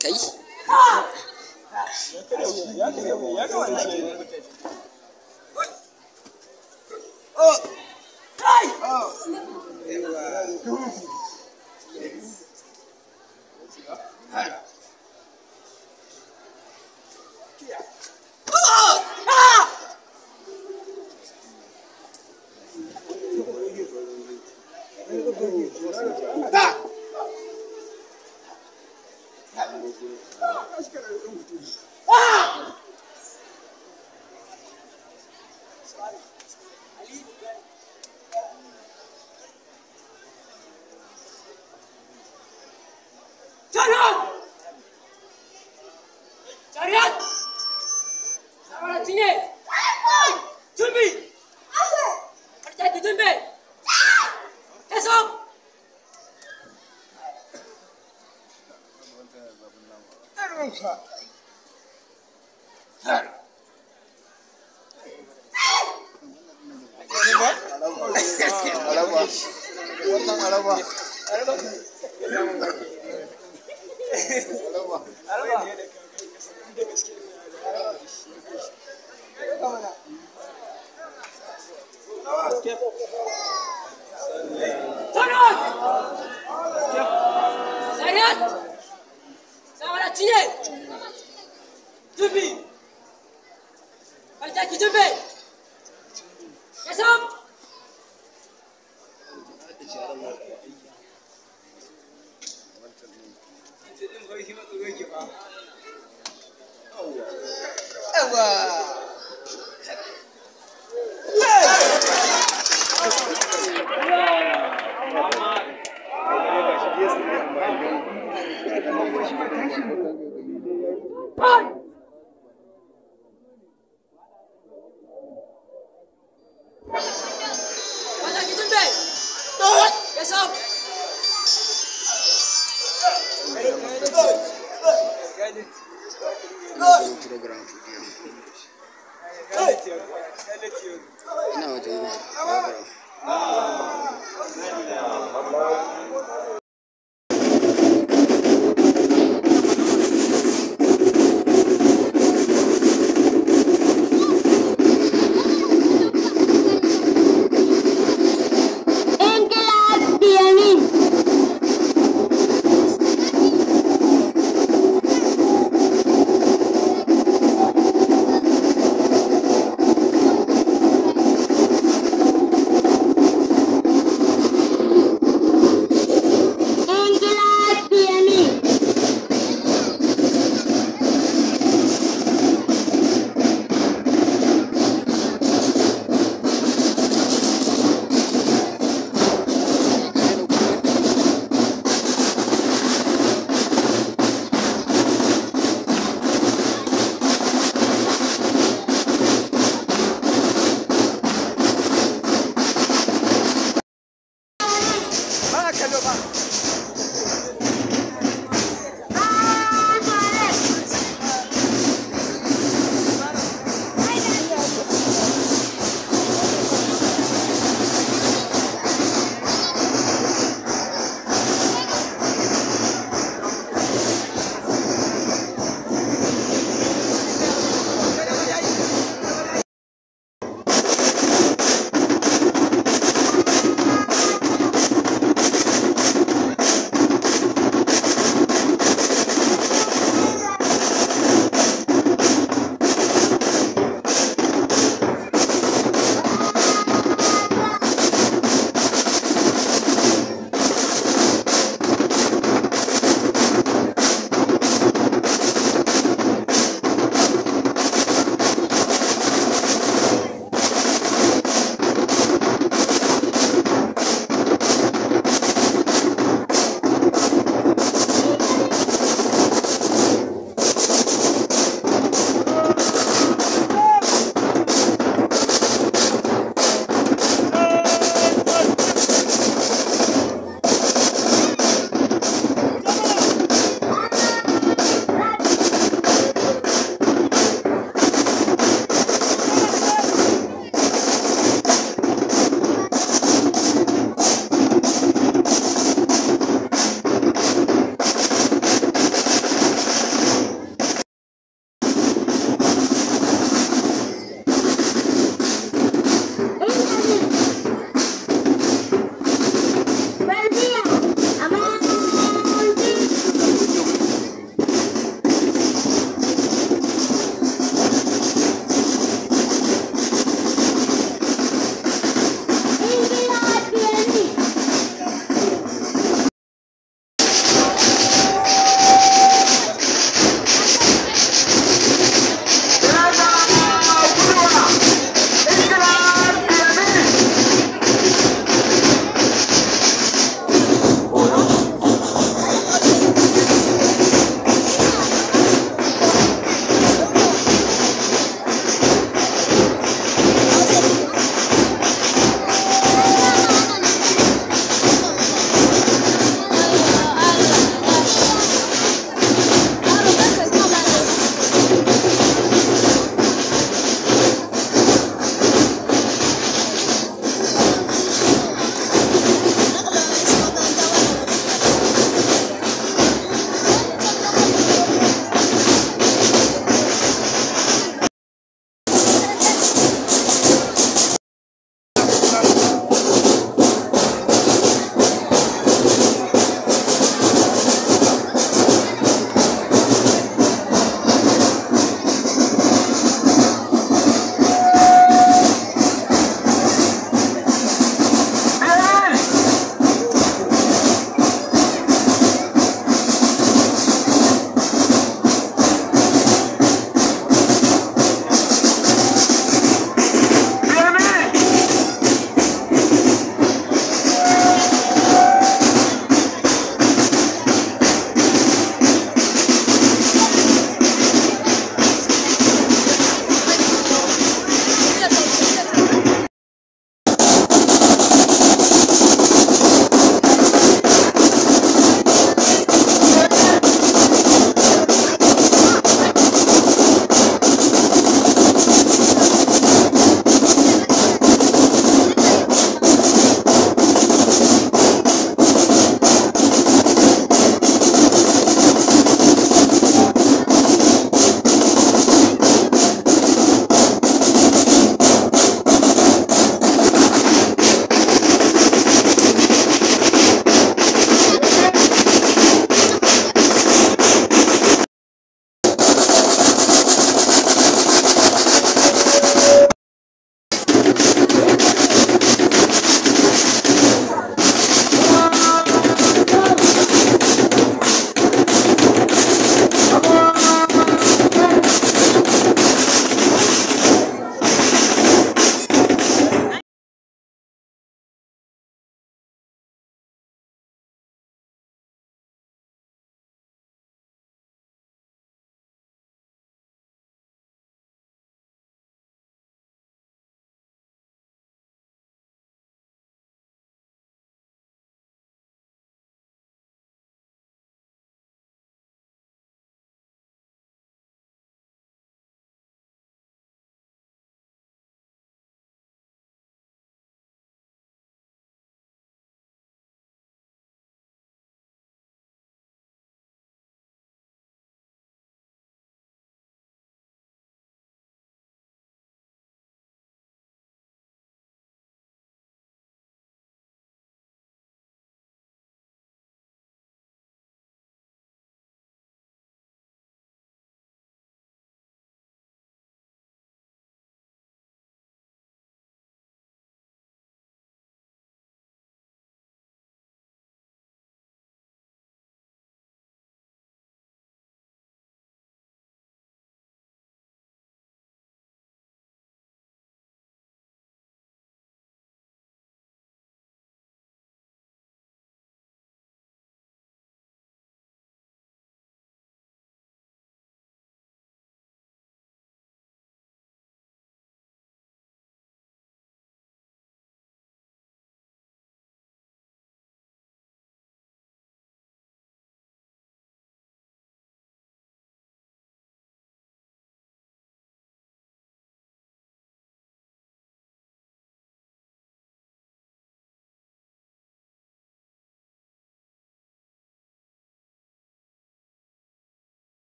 kai kansa Sarıat! Sarıat! Jube. Ọjà kìí Jube. ina zuwa program today ina wajen program